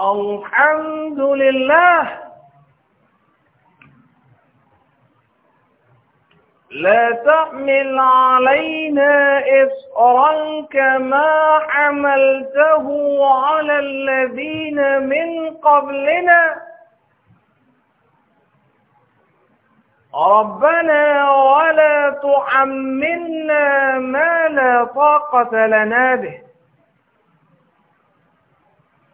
الحمد لله لا تحمل علينا إصرا كما حملته على الذين من قبلنا ربنا ولا تحملنا ما لا طاقة لنا به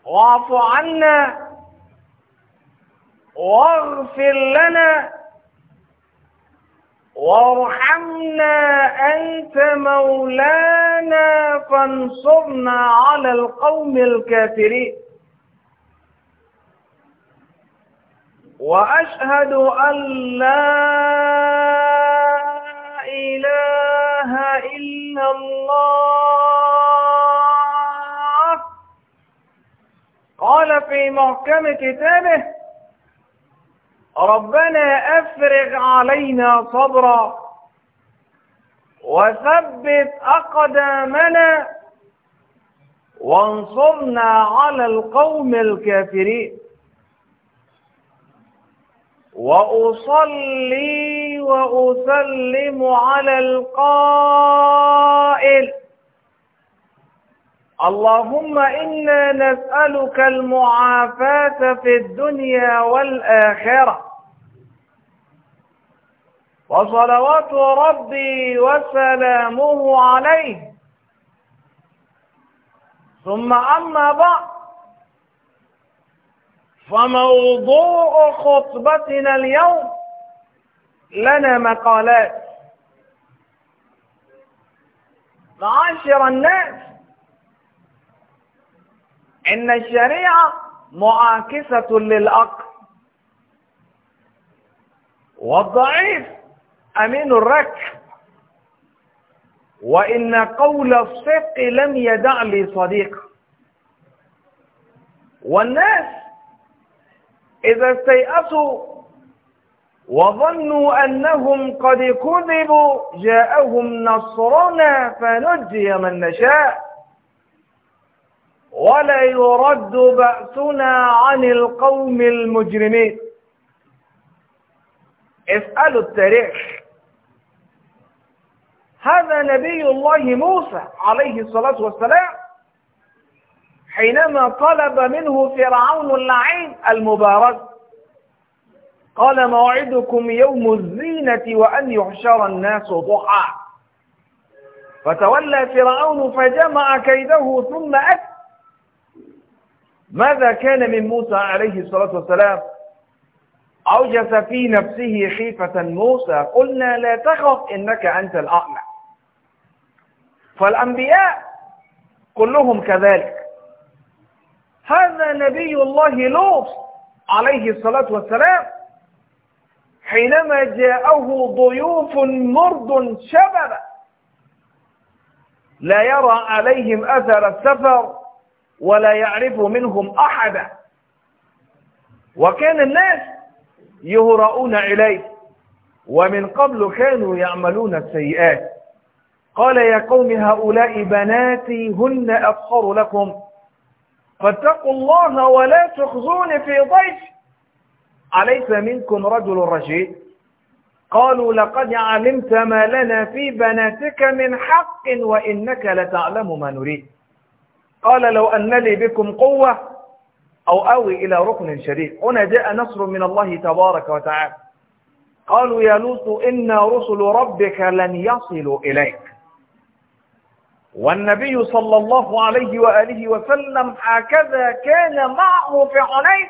واعف عنا واغفر لنا وارحمنا أنت مولانا فانصرنا على القوم الكافرين وأشهد أن لا إله إلا الله قال في محكم كتابه ربنا أفرغ علينا صبرا وثبت أقدامنا وانصرنا على القوم الكافرين وأصلي وأسلم على القائل اللهم إنا نسألك المعافاة في الدنيا والآخرة وصلوات ربي وسلامه عليه ثم أما بعد فموضوع خطبتنا اليوم لنا مقالات معاشر الناس إن الشريعة معاكسة للأقل والضعيف أمين الرك وإن قول الصدق لم يدع لي صديقا والناس إذا استيأسوا وظنوا أنهم قد كذبوا جاءهم نصرنا فنجي من نشاء ولا يرد بأسنا عن القوم المجرمين اسألوا التاريخ هذا نبي الله موسى عليه الصلاة والسلام حينما طلب منه فرعون اللعين المبارك قال موعدكم يوم الزينة وأن يحشر الناس ضحى فتولى فرعون فجمع كيده ثم أتى ماذا كان من موسى عليه الصلاة والسلام أوجس في نفسه خيفة موسى قلنا لا تخف إنك أنت الأعمى فالأنبياء كلهم كذلك هذا نبي الله لوط عليه الصلاة والسلام حينما جاءه ضيوف مرد شبب لا يرى عليهم أثر السفر ولا يعرف منهم أحدا وكان الناس يهرؤون إليه ومن قبل كانوا يعملون السيئات قال يا قوم هؤلاء بناتي هن أفخر لكم فاتقوا الله ولا تخزون في ضيف أليس منكم رجل رشيد قالوا لقد علمت ما لنا في بناتك من حق وإنك لتعلم ما نريد قال لو أن لي بكم قوة أو أوي إلى ركن شريف هنا جاء نصر من الله تبارك وتعالى قالوا يا لوط إن رسل ربك لن يصلوا إليك والنبي صلى الله عليه وآله وسلم هكذا كان معه في عليه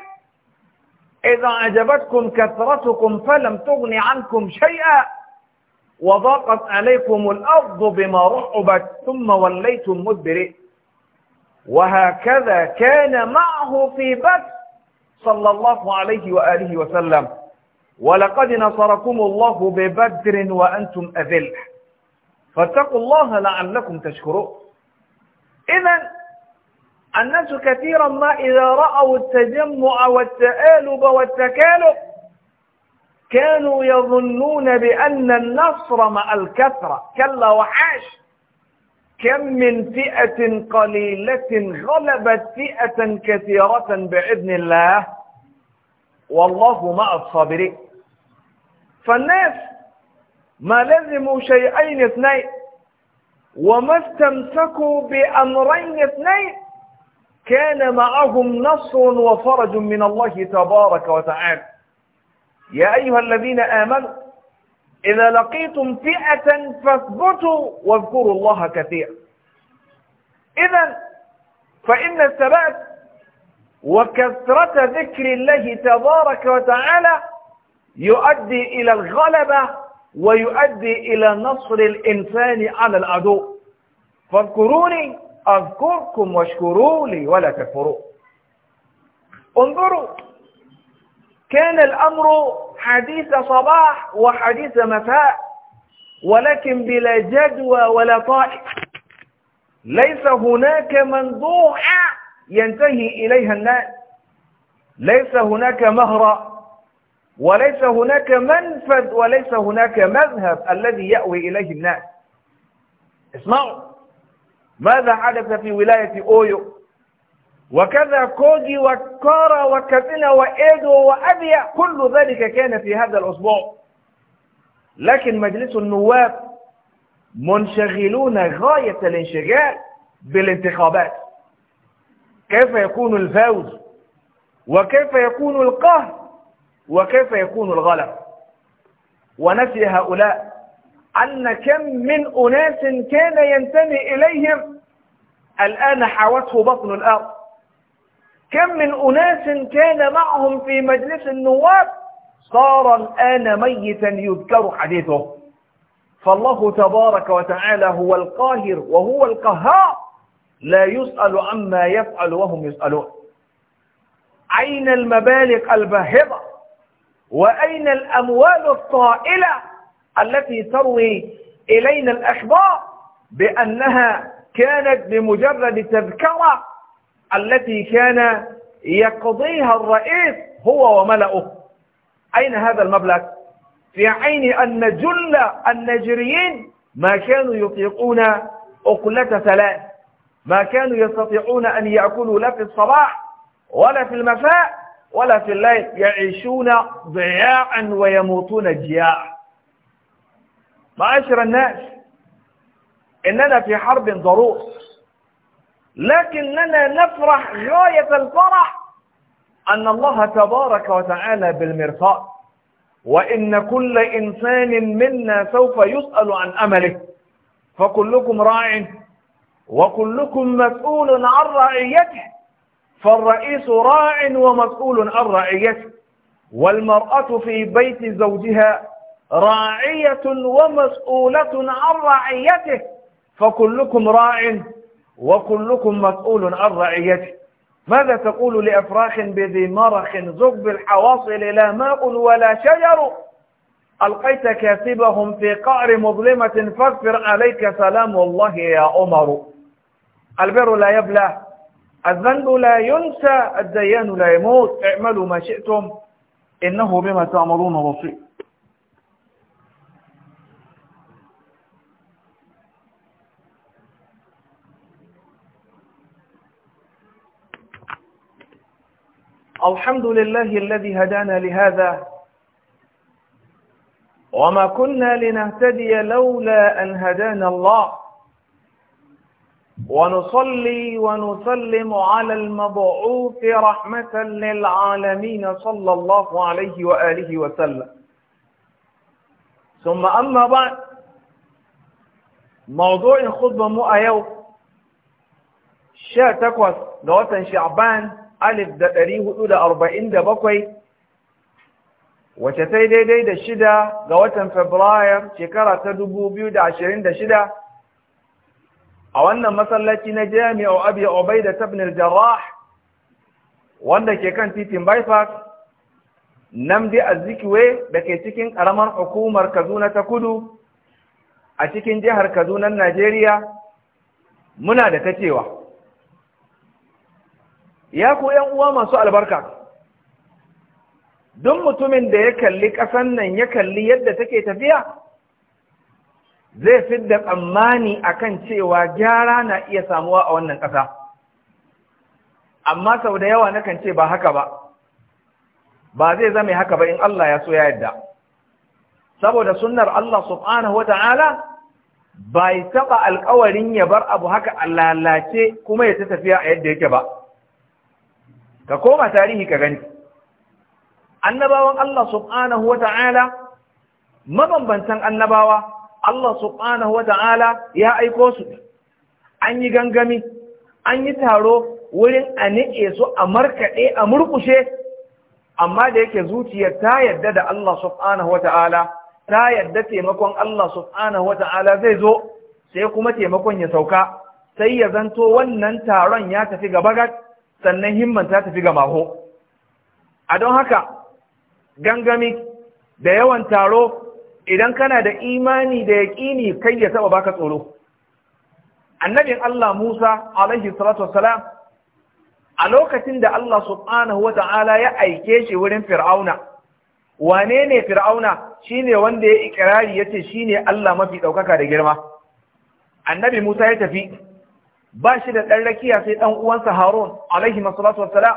إذا عجبتكم كثرتكم فلم تغن عنكم شيئا وضاقت عليكم الأرض بما رحبت ثم وليتم مدبرين وهكذا كان معه في بدر صلى الله عليه وآله وسلم ولقد نصركم الله ببدر وأنتم اذل فاتقوا الله لعلكم تشكرون إذا الناس كثيرا ما إذا رأوا التجمع والتآلب والتكالب كانوا يظنون بأن النصر مع الكثرة كلا وحاش كم من فئة قليلة غلبت فئة كثيرة بإذن الله والله مع الصابرين فالناس ما لزموا شيئين اثنين وما استمسكوا بأمرين اثنين كان معهم نصر وفرج من الله تبارك وتعالى يا أيها الذين آمنوا إذا لقيتم فئة فاثبتوا واذكروا الله كثيرا إذا فإن الثبات وكثرة ذكر الله تبارك وتعالى يؤدي إلى الغلبة ويؤدي إلى نصر الإنسان على العدو فاذكروني أذكركم واشكروا لي ولا تكفروا انظروا كان الأمر حديث صباح وحديث مساء ولكن بلا جدوى ولا طائف ليس هناك منظومة ينتهي إليها الناس ليس هناك مهرة وليس هناك منفذ وليس هناك مذهب الذي يأوي إليه الناس اسمعوا ماذا حدث في ولاية أويو وكذا كوجي وكارا وكاتينا وإيدو وأبيا كل ذلك كان في هذا الأسبوع لكن مجلس النواب منشغلون غاية الانشغال بالانتخابات كيف يكون الفوز وكيف يكون القهر وكيف يكون الغلب ونسي هؤلاء أن كم من أناس كان ينتمي إليهم الآن حوته بطن الأرض كم من أناس كان معهم في مجلس النواب صار الآن ميتا يذكر حديثه فالله تبارك وتعالى هو القاهر وهو القهار لا يسأل عما يفعل وهم يسألون أين المبالغ الباهظة وأين الأموال الطائلة التي تروي إلينا الأخبار بأنها كانت بمجرد تذكرة التي كان يقضيها الرئيس هو وملأه أين هذا المبلغ؟ في عين أن جل النجريين ما كانوا يطيقون أقلة ثلاث ما كانوا يستطيعون أن يأكلوا لا في الصباح ولا في المساء ولا في الليل يعيشون ضياعا ويموتون جياعا معاشر الناس إننا في حرب ضروس لكننا نفرح غاية الفرح أن الله تبارك وتعالى بالمرصاد وإن كل إنسان منا سوف يسأل عن أمله فكلكم راع وكلكم مسؤول عن رعيته فالرئيس راع ومسؤول عن رعيته والمرأة في بيت زوجها راعية ومسؤولة عن رعيته فكلكم راع وكلكم مسؤول عن رعيته ماذا تقول لأفراخ بذي مرخ زب الحواصل لا ماء ولا شجر ألقيت كاتبهم في قعر مظلمة فاغفر عليك سلام الله يا عمر البر لا يبلى الذنب لا ينسى الديان لا يموت اعملوا ما شئتم إنه بما تعملون بصير الحمد لله الذي هدانا لهذا وما كنا لنهتدي لولا أن هدانا الله ونصلي ونسلم على المبعوث رحمة للعالمين صلى الله عليه وآله وسلم ثم أما بعد موضوع الخطبة مؤيو شاء تكوس دواتا شعبان alif da ɗari hudu da arba'in da bakwai wace sai daidai da shida ga watan Fabrairu shekara ta dubu biyu da ashirin da shida a wannan masallaci na jami'a abu obai da tabnil jarrah wanda ke kan titin bypass namdi azikiwe da ke cikin ƙaramar hukumar kaduna ta kudu a cikin jihar kaduna najeriya muna da ta cewa ya ku ‘yan uwa masu albarka don mutumin da ya kalli ƙasan nan ya kalli yadda take tafiya zai fi da tsammani akan cewa gyara na iya samuwa a wannan ƙasa amma sau da yawa nakan ce ba haka ba ba zai zame haka ba in Allah ya so ya yadda saboda sunnar Allah subhanahu wata'ala bai taɓa alkawarin ya bar abu haka a lalace kuma ya ta tafiya a yadda yake ba ka koma tarihi ka gani annabawan Allah subhanahu ta'ala, mabambantan annabawa Allah subhanahu ta'ala ya aiko su an yi gangami an yi taro wurin a niƙe su a markaɗe a murkushe amma da yake zuciyar ta yadda da Allah subhanahu ta'ala, ta yadda taimakon Allah subhanahu ta'ala zai zo sai kuma taimakon ya sauka sai ya zanto wannan taron ya tafi gaba gat sannan himman ta tafi ga maho a don haka gangami da yawan taro idan kana da imani da yaƙini kai ya taɓa baka tsoro annabin Allah Musa alaihi salatu wassalam a lokacin da Allah subhanahu wata'ala ya aike shi wurin fir'auna wane ne fir'auna shine wanda ya ikirari yace shine Allah mafi ɗaukaka da girma annabi Musa ya tafi ba shi da ɗan rakiya sai ɗan uwansa Harun alaihi masalatu wassalam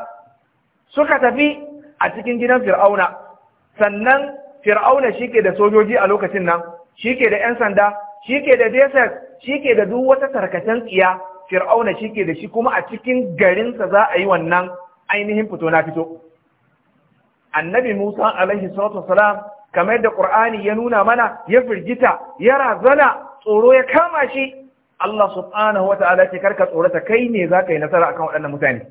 suka tafi a cikin gidan Fir'auna sannan Fir'auna shi ke da sojoji a lokacin nan shi ke da 'yan sanda shi ke da desert ke da duk wata tarkacen tsiya Fir'auna shi ke da shi kuma a cikin garinsa za a yi wannan ainihin fito na fito annabi Musa alaihi salatu wassalam kamar da Qur'ani ya nuna mana ya firgita ya razana tsoro ya kama shi Allah subhanahu wata'ala ce karka tsorata kai ne za ka yi nasara akan waɗannan mutane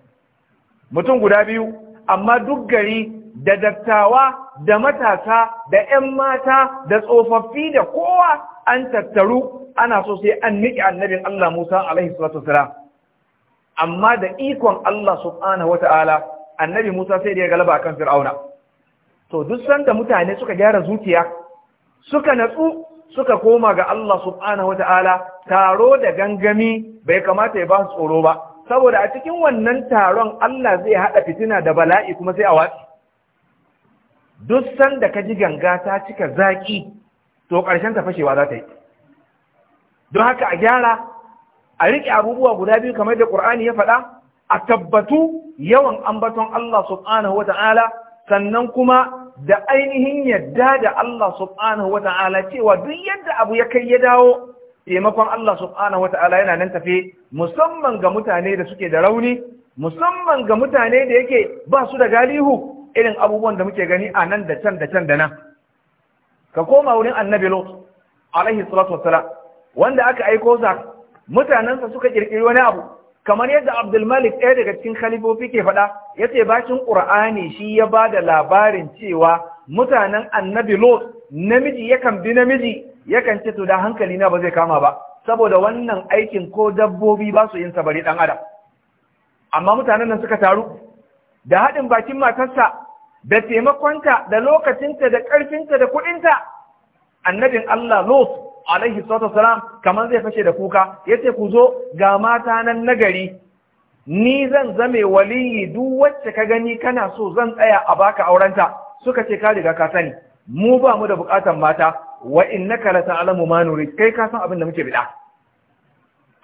mutum guda biyu amma duk gari da dattawa da matasa da 'yan mata da tsofaffi da kowa an tattaru ana so sai an niƙe annabin Allah Musa alaihi salatu wasalam amma da ikon Allah subhanahu wata'ala annabi Musa sai da ya galaba akan Fir'auna to duk sanda mutane suka gyara zuciya suka natsu suka koma ga Allah subhanahu wata'ala taro da gangami bai kamata ya ba su tsoro ba saboda a cikin wannan taron Allah zai haɗa fitina da bala'i kuma sai a watsi duk sanda ka ji ganga ta cika zaƙi to ƙarshen ta fashewa za ta yi don haka a gyara a riƙe abubuwa guda biyu kamar da ƙur'ani ya faɗa a tabbatu yawan ambaton Allah subhanahu wata'ala sannan kuma da ainihin yadda da Allah subhanahu wa ta'ala cewa duk yadda abu ya kai ya dawo taimakon Allah subhanahu wa ta'ala yana nan tafe musamman ga mutane da suke da rauni musamman ga mutane da yake ba su da galihu irin abubuwan da muke gani a nan da can da can da nan ka koma wurin annabi lot alaihi salatu wassalam wanda aka aiko sa mutanensa suka ƙirƙiri wani abu kamar yadda Abdulmalik ɗaya daga cikin khalifofi ke faɗa ya ce bakin ƙur'ani shi ya ba da labarin cewa mutanen annabi lot namiji yakan bi namiji yakan ce to da hankali na ba zai kama ba saboda wannan aikin ko dabbobi ba su yin sa bari ɗan adam amma mutanen nan suka taru da haɗin bakin matarsa da taimakonta da lokacinta da ƙarfinta da kuɗinta annabin Allah lot alaihi salatu wasalam kamar zai fashe da kuka yace ku zo ga mata nan nagari ni zan zame waliyi duk wacce ka gani kana so zan tsaya a baka aurenta suka ce ka riga ka sani mu ba mu da bukatan mata wa innaka la ta'lamu ma nuri kai ka san abin da muke bida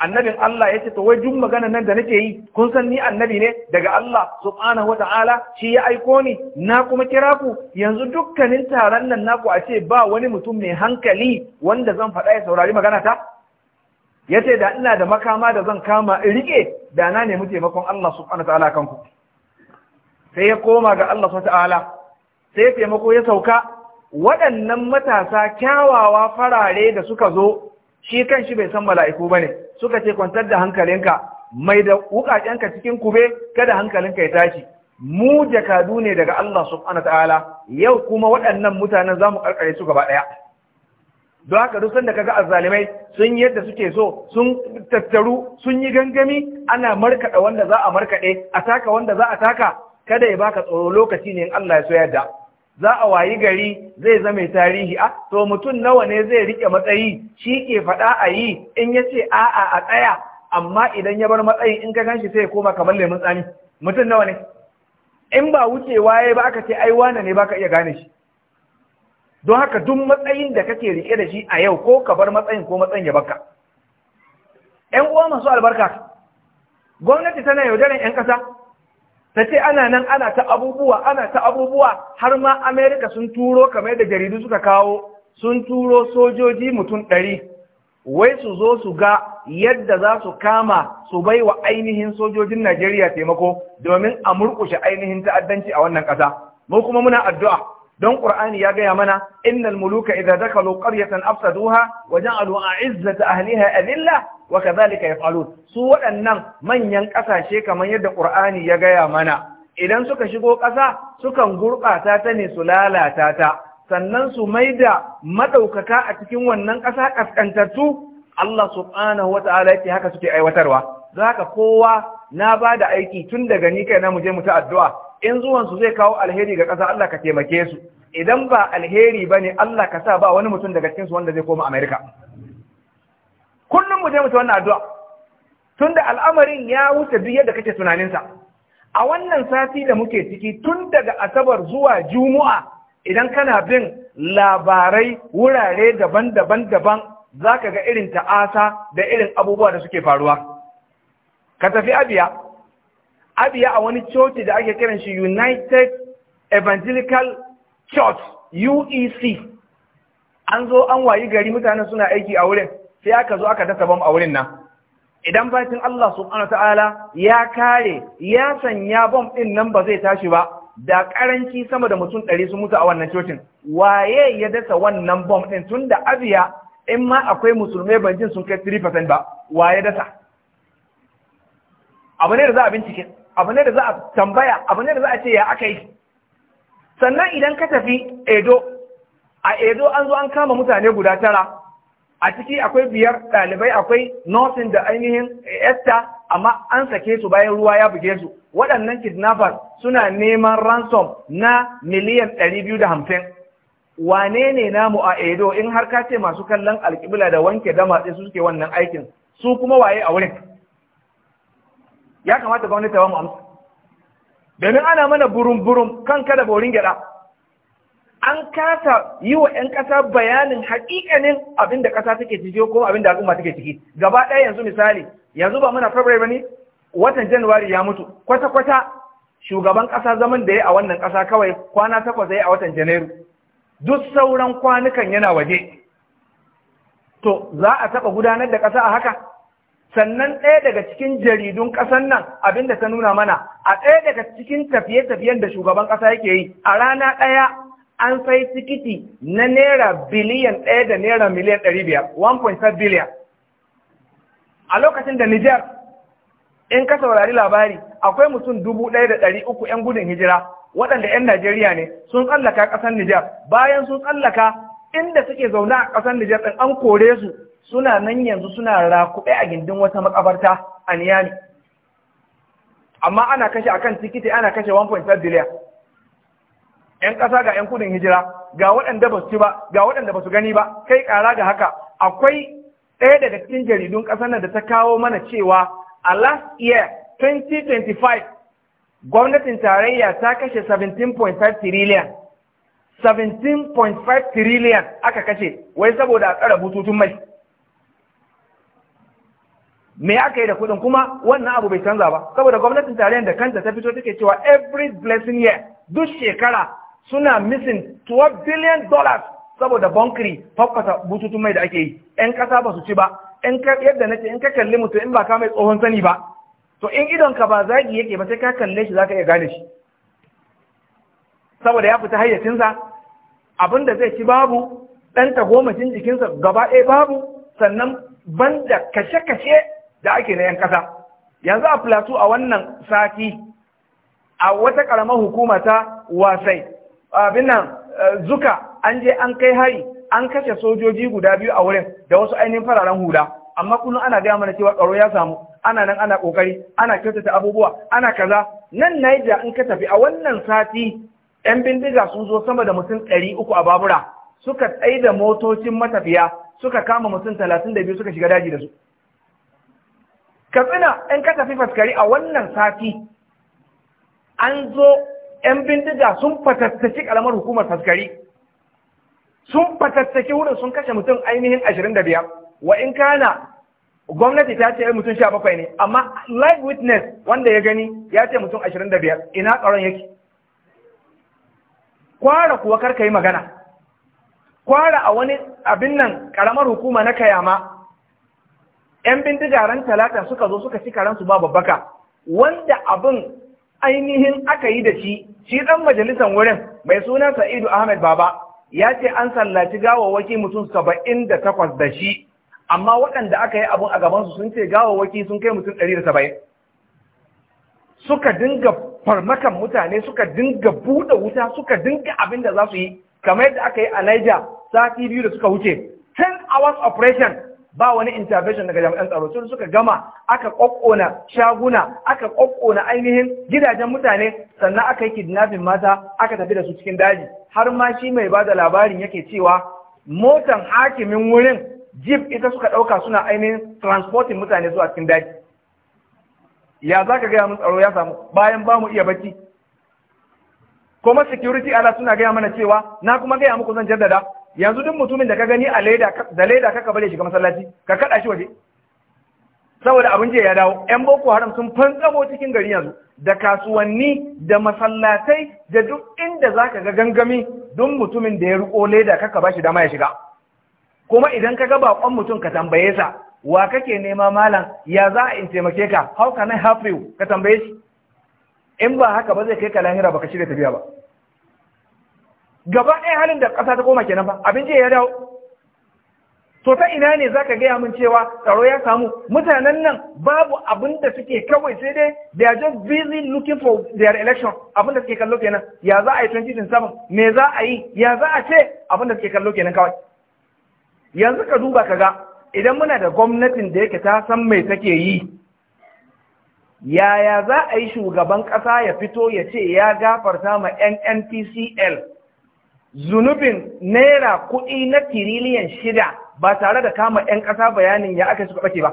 annabin Allah ya ce to wai duk magana nan da nake yi kun san ni annabi ne daga Allah subhanahu Ta'ala shi ya aiko ni na kuma kira ku yanzu dukkanin taron nan naku a ce ba wani mutum mai hankali wanda zan faɗa ya saurari magana ta ya ce da ina da makama da zan kama in rike da na nemi taimakon Allah subhanahu kan kanku sai ya koma ga Allah subhanahu Ta'ala, sai taimako ya sauka waɗannan matasa kyawawa farare da suka zo shi kan shi bai san mala'iku ba ne suka ce kwantar da hankalinka mai da wukakenka cikin kube kada hankalinka ya tashi mu jakadu ne daga Allah subhanahu ta'ala yau kuma waɗannan mutanen zamu karkare su gaba ɗaya don haka duk sanda kaga azzalimai sun yadda suke so sun tattaru sun yi gangami ana markaɗa wanda za a markaɗe a taka wanda za a taka kada ya baka tsoro lokaci ne in Allah ya so yadda za a wayi gari zai zama tarihi a ah, to mutum nawa ne zai rike matsayi shi ke faɗa a yi in ya ce a a a tsaya amma idan ya bar matsayi in ka ganshi sai koma kamar lemun tsami mutum nawa ne in ba wucewa ya ba aka ce ai wane ne baka iya gane shi don haka duk matsayin da kake rike da shi a yau ko ka bar matsayin ko matsayin ya baka ƴan uwa masu albarka gwamnati tana yaudaran ƴan ƙasa ta ce ana nan ana ta abubuwa ana ta abubuwa har ma amerika sun turo kamar da jaridu suka kawo sun turo sojoji mutum ɗari wai su zo su ga yadda za su kama su bai wa ainihin sojojin najeriya taimako domin a murƙushe ainihin ta'addanci a wannan ƙasa mu kuma muna addu'a don ƙur'ani ya gaya mana innal muluka idza dakalu qaryatan afsaduha wa ja'alu a'izzata ahliha adilla wa kadhalika yaf'alun su waɗannan manyan ƙasashe kamar yadda ƙur'ani ya gaya mana idan suka shigo ƙasa sukan gurɓata ta ne su lalata ta sannan su maida maɗaukaka a cikin wannan ƙasa kaskantattu Allah subhanahu wa ta'ala yake haka suke aiwatarwa don haka kowa na ba da aiki tun daga ni kai na mu mu ta addu'a in zuwansu zai kawo alheri ga ƙasa Allah ka taimake su idan ba alheri bane Allah ka sa ba wani mutum daga cikin su wanda zai koma America kullum mu je mu ta wannan addu'a tunda al'amarin ya wuce duk yadda kake tunanin sa a wannan sati da muke ciki tun daga asabar zuwa juma'a idan kana bin labarai wurare daban-daban daban zaka ga irin ta'asa da irin abubuwa da suke faruwa ka tafi abiya abiya a wani coci da ake kiran shi united evangelical church uec an zo an wayi gari mutane suna aiki a wurin sai aka zo aka dasa bam a wurin nan idan bakin Allah subhanahu ta'ala ya kare ya sanya bom din nan ba zai tashi ba da karanci sama da mutum ɗari sun mutu a wannan cocin waye ya dasa wannan bam din Tunda abiya in ma akwai musulmai ban jin sun kai 3% ba waye dasa abu ne da za a bincike abu ne da za a tambaya abu ne da za a ce ya aka yi sannan idan ka tafi edo a edo an zo an kama mutane guda tara a ciki akwai biyar ɗalibai akwai nosin da ainihin esther amma an sake su bayan ruwa ya buge su waɗannan kidnappers suna neman ransom na miliyan ɗari biyu da hamsin wane ne namu a edo in har ka ce masu kallon alƙibla da wanke dama su suke wannan aikin su kuma waye a wurin ya kamata gwamnati ta mu amsa domin ana mana burum-burum kan kada borin gyada an kasa yi wa 'yan ƙasa bayanin haƙiƙanin abin da ƙasa take ciki ko abin da al'umma take ciki gaba ɗaya yanzu misali yanzu ba muna february ba ne watan januwari ya mutu kwata-kwata shugaban ƙasa zaman da ya a wannan ƙasa kawai kwana takwas ya a watan janairu duk sauran kwanukan yana waje to za a taɓa gudanar da ƙasa a haka sannan ɗaya daga cikin jaridun ƙasar nan abinda ta nuna mana a ɗaya daga cikin tafiye-tafiyen da shugaban ƙasa yake yi a rana ɗaya an sai tikiti na naira biliyan ɗaya da naira miliyan ɗari biyar 1.5 biliyan a lokacin da Nijar in ka saurari labari akwai mutum dubu ɗaya da ɗari uku 'yan gudun hijira waɗanda 'yan Najeriya ne sun tsallaka ƙasar Nijar bayan sun tsallaka inda suke zaune a ƙasar Nijar ɗin an kore su suna nan yanzu suna rakuɓe a gindin wata makabarta a niyani amma ana kashe akan tikiti ana kashe 1.5 biliyan ‘yan ƙasa ga ‘yan kudin hijira ga waɗanda ba su ci ba ga waɗanda ba su gani ba kai ƙara ga haka akwai ɗaya daga cikin jaridun ƙasar nan da ta kawo mana cewa a last year 2025 gwamnatin tarayya ta kashe 17.5 trillion 17.5 trillion aka kashe wai saboda a tsara bututun mai me aka yi da kuɗin kuma wannan abu bai canza ba saboda gwamnatin tarayyar da kanta ta fito take cewa every blessing year duk shekara suna missing 12 billion dollars saboda bankiri fafasa bututun mai da ake yi yan ƙasa ba su ci ba Yadda ka yadda in ka kalli mutum in ba ka mai tsohon sani ba to in idon ka ba zagi yake ba sai ka kalle shi ka iya gane shi saboda ya fita hayyacinsa da zai ci babu ɗan tagomashin jikinsa gaba ɗaya babu sannan banda kashe-kashe da ake na 'yan kasa yanzu a plateau a wannan sati a wata ƙaramar hukuma ta wasai abin nan eh, zuka an je an kai hari an kashe sojoji guda biyu a wurin da wasu ainihin fararen hula amma kullum ana gaya mana cewa tsaro ya samu ana nan ana kokari ana kyautata abubuwa ana kaza nan naija in ka tafi a wannan sati yan bindiga sun zo sama da mutum ɗari uku a babura suka tsaye da motocin matafiya suka kama mutum talatin da biyu suka shiga daji da su katsina in ka tafi faskari a wannan sati an zo 'yan bindiga sun fatattaki kalamar hukumar faskari sun fatattaki wurin sun kashe mutum ainihin 25 wa in kana gwamnati ta ce mutum 17 ne amma live witness wanda ya gani ya ce mutum 25 ina tsaron yake kwara kuwa karka yi magana kwara a wani abin nan karamar hukuma na kayama 'yan bindiga ran talata suka zo suka ci karansu ba babbaka wanda abin ainihin aka yi da shi shi ɗan majalisan wurin mai suna sa'idu ahmed baba ya ce an sallaci gawawaki mutum saba'in da takwas da shi amma waɗanda aka yi abin a gabansu sun ce gawawaki sun kai mutum ɗari da saba'in suka dinga farmakan mutane suka dinga buɗe wuta suka dinga abin da za su yi kamar yadda aka yi a niger sati biyu da suka wuce Ten hours operation ba wani intervention daga jami'an tsaro sun suka gama aka kokkona shaguna aka kokkona ainihin gidajen mutane sannan aka yi kidnapping mata aka tafi da su cikin daji har ma shi mai ba da labarin yake cewa motan hakimin wurin jeep ita suka ɗauka suna ainihin transporting mutane zuwa cikin daji ya za ka gaya mun tsaro ya samu bayan ba mu iya bacci kuma security ala suna gaya mana cewa na kuma gaya muku zan jaddada yanzu duk mutumin da ka gani a da leda kaka bare shiga masallaci ka kada shi waje saboda abin je ya dawo yan boko haram sun fantsamo cikin gari yanzu da kasuwanni da masallatai da duk inda zaka ga gangami duk mutumin da ya riko leda kaka shi dama ya shiga kuma idan ka ga bakon mutum ka tambaye sa wa kake nema malam ya za a in taimake ka how can i help ka tambaye shi in ba haka ba zai kai ka lahira baka shirya tafiya ba gaba ɗaya halin da ƙasa ta koma kenan ba abinci ya dawo to ta ina ne za ka gaya min cewa tsaro ya samu mutanen nan babu abin da suke kawai sai dai they are just busy looking for their election abin da suke kallo kenan ya za a yi 2027 me za a yi ya za a ce abin da suke kallo kenan kawai yanzu ka duba ka ga idan muna da gwamnatin da yake ta san mai take yi yaya za a yi shugaban ƙasa ya fito ya ce ya gafarta ma NNPCL zunubin naira kuɗi na tiriliyan shida ba tare da kama 'yan ƙasa bayanin ya aka suka ɓace ba.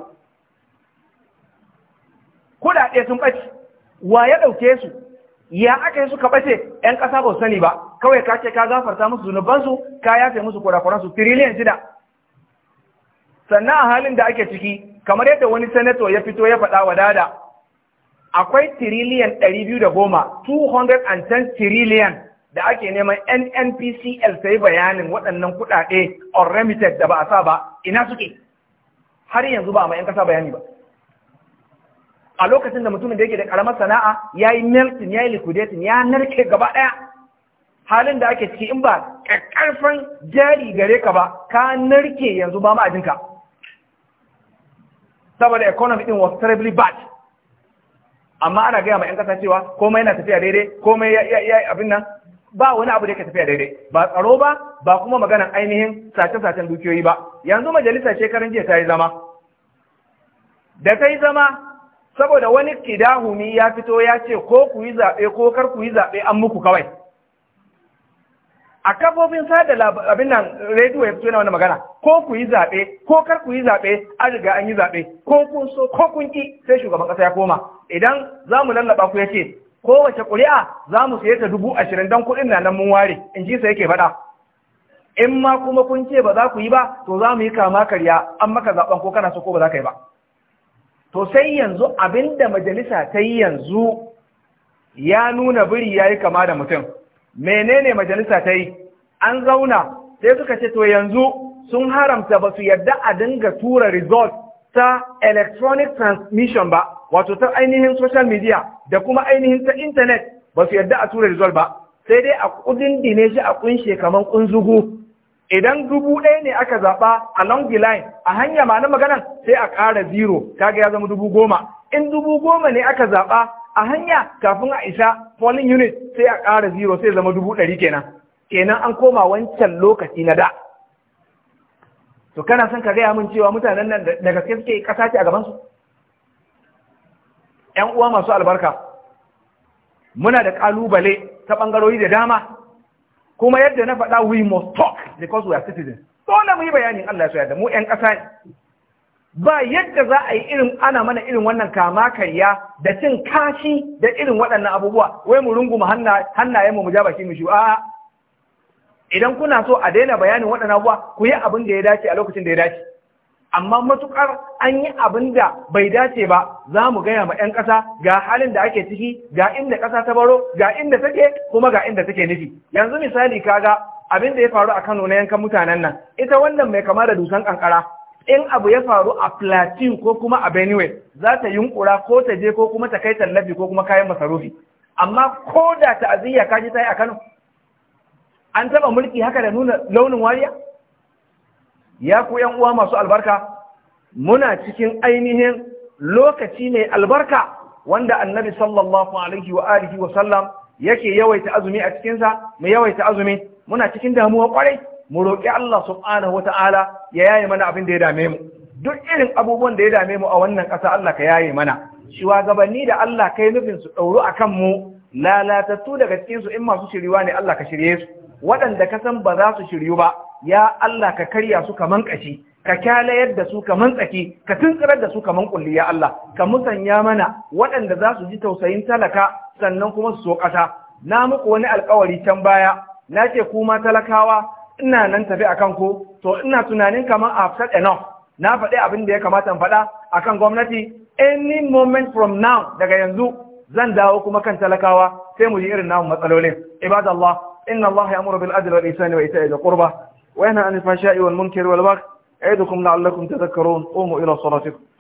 Kuɗaɗe sun ɓace, wa ya ɗauke su, ya aka yi suka ɓace 'yan ƙasa ba sani ba, kawai ka ce ka gafarta musu zunubansu, ka yafe musu kurakuransu tiriliyan shida. Sannan a halin da ake ciki, kamar yadda wani sanato ya fito ya faɗa wa dada, akwai tiriliyan ɗari biyu da goma, 210 tiriliyan da ake neman NNPCL ta bayanin waɗannan kuɗaɗe or remitted da ba a sa ba ina suke har yanzu ba a 'yan kasa bayani ba a lokacin da mutumin da yake da ƙaramar sana'a ya yi melting ya yi liquidating ya narke gaba ɗaya halin da ake ciki in ba ƙarfan jari gare ka ba ka narke yanzu ba ma'ajinka saboda economy din was terribly bad amma ana gaya ma 'yan kasa cewa komai yana tafiya daidai komai ya abin nan ba wani abu da ke tafiya daidai ba tsaro ba ba kuma maganan ainihin sace-sacen dukiyoyi ba yanzu majalisa shekaran jiya ta yi zama da ta yi zama saboda wani kidahumi ya fito ya ce ko ku yi zaɓe ko kar ku yi zaɓe an muku kawai a kafofin sada labarin nan rediyo ya fito na wani magana ko ku yi zaɓe ko kar ku yi zaɓe an riga an yi zaɓe ko kun so ko kun ki sai shugaban ƙasa ya koma idan za mu lallaba ku ya ce kowace ƙuri'a za mu saye ta dubu ashirin don kuɗin na nan mun ware in ji sa yake faɗa in ma kuma kun ce ba za ku yi ba to za mu yi kama karya an maka zaɓen ko kana so ko ba za ka yi ba to sai yanzu abin da majalisa ta yi yanzu ya nuna biri ya yi kama da mutum menene majalisa ta yi an zauna sai suka ce to yanzu sun haramta ba su yarda a dinga tura result ta electronic transmission ba wato ta ainihin social media da kuma ainihin ta internet ba su yarda a tura result ba sai dai a kudin dine shi a kunshe kaman kunzugu idan dubu ɗaya ne aka zaɓa a long the line a hanya ma na maganan sai a ƙara zero kaga ya zama dubu goma in dubu goma ne aka zaɓa a hanya kafin a isa polling unit sai a ƙara zero sai zama dubu ɗari kenan kenan an koma wancan lokaci na da to kana son ka gaya min cewa mutanen nan da gaske suke kasa ce a gabansu Ƴan uwa masu albarka muna da ƙalubale ta ɓangarori da dama kuma yadda na faɗa we must talk because we are citizens dole mu yi bayanin Allah ya da mu ƴan ƙasa ne ba yadda za a yi irin ana mana irin wannan kama karya da cin kashi da irin waɗannan abubuwa wai mu rungu mu hannayen mu ja baki mu shi a'a. idan kuna so a daina bayanin waɗannan abuwa ku yi abin da ya dace a lokacin da ya dace amma matukar an yi abin da bai dace ba za mu gaya ma 'yan ƙasa ga halin da ake ciki ga inda ƙasa ta baro ga inda take kuma ga inda take nufi yanzu misali kaga abin da ya faru a Kano na yankan mutanen nan ita wannan mai kama da dusan ƙanƙara. in abu ya faru a Plateau ko kuma a Benue za ta yunkura ko ta je ko kuma ta kai tallafi ko kuma kayan masarufi amma ko da ta'aziyya ji ta yi a Kano an taba mulki haka da nuna launin wariya ya ku yan uwa masu albarka muna cikin ainihin lokaci mai albarka wanda annabi sallallahu alaihi wa alihi wa sallam yake yawaita azumi a cikinsa mu yawaita azumi muna cikin damuwa kwarai mu roƙi Allah subhanahu wa ta'ala ya yaye mana abin da ya dame mu duk irin abubuwan da ya dame mu a wannan ƙasa Allah ka yaye mana gabanni da Allah kai nufin su ɗauru akan mu lalatattu daga cikinsu in masu shiriwa ne Allah ka shirye su waɗanda ka san ba za su shiryu ba ya Allah ka karya su kaman kashi ka kyalayar da su kaman tsaki ka tuntsirar da su kaman kulli ya Allah ka musanya mana waɗanda za su ji tausayin talaka sannan kuma su so ƙasa na muku wani alƙawari can baya na ce kuma talakawa ina nan tafi akan ku to ina tunanin kaman after enough na faɗi abin da ya kamata in faɗa akan gwamnati any moment from now daga yanzu zan dawo kuma kan talakawa sai mu ji irin namun matsalolin ibadallah إن الله يأمر بالعدل والإحسان وإيتاء ذي القربى وينهى عن الفحشاء والمنكر والبغي يعظكم لعلكم تذكرون قوموا إلى صلاتكم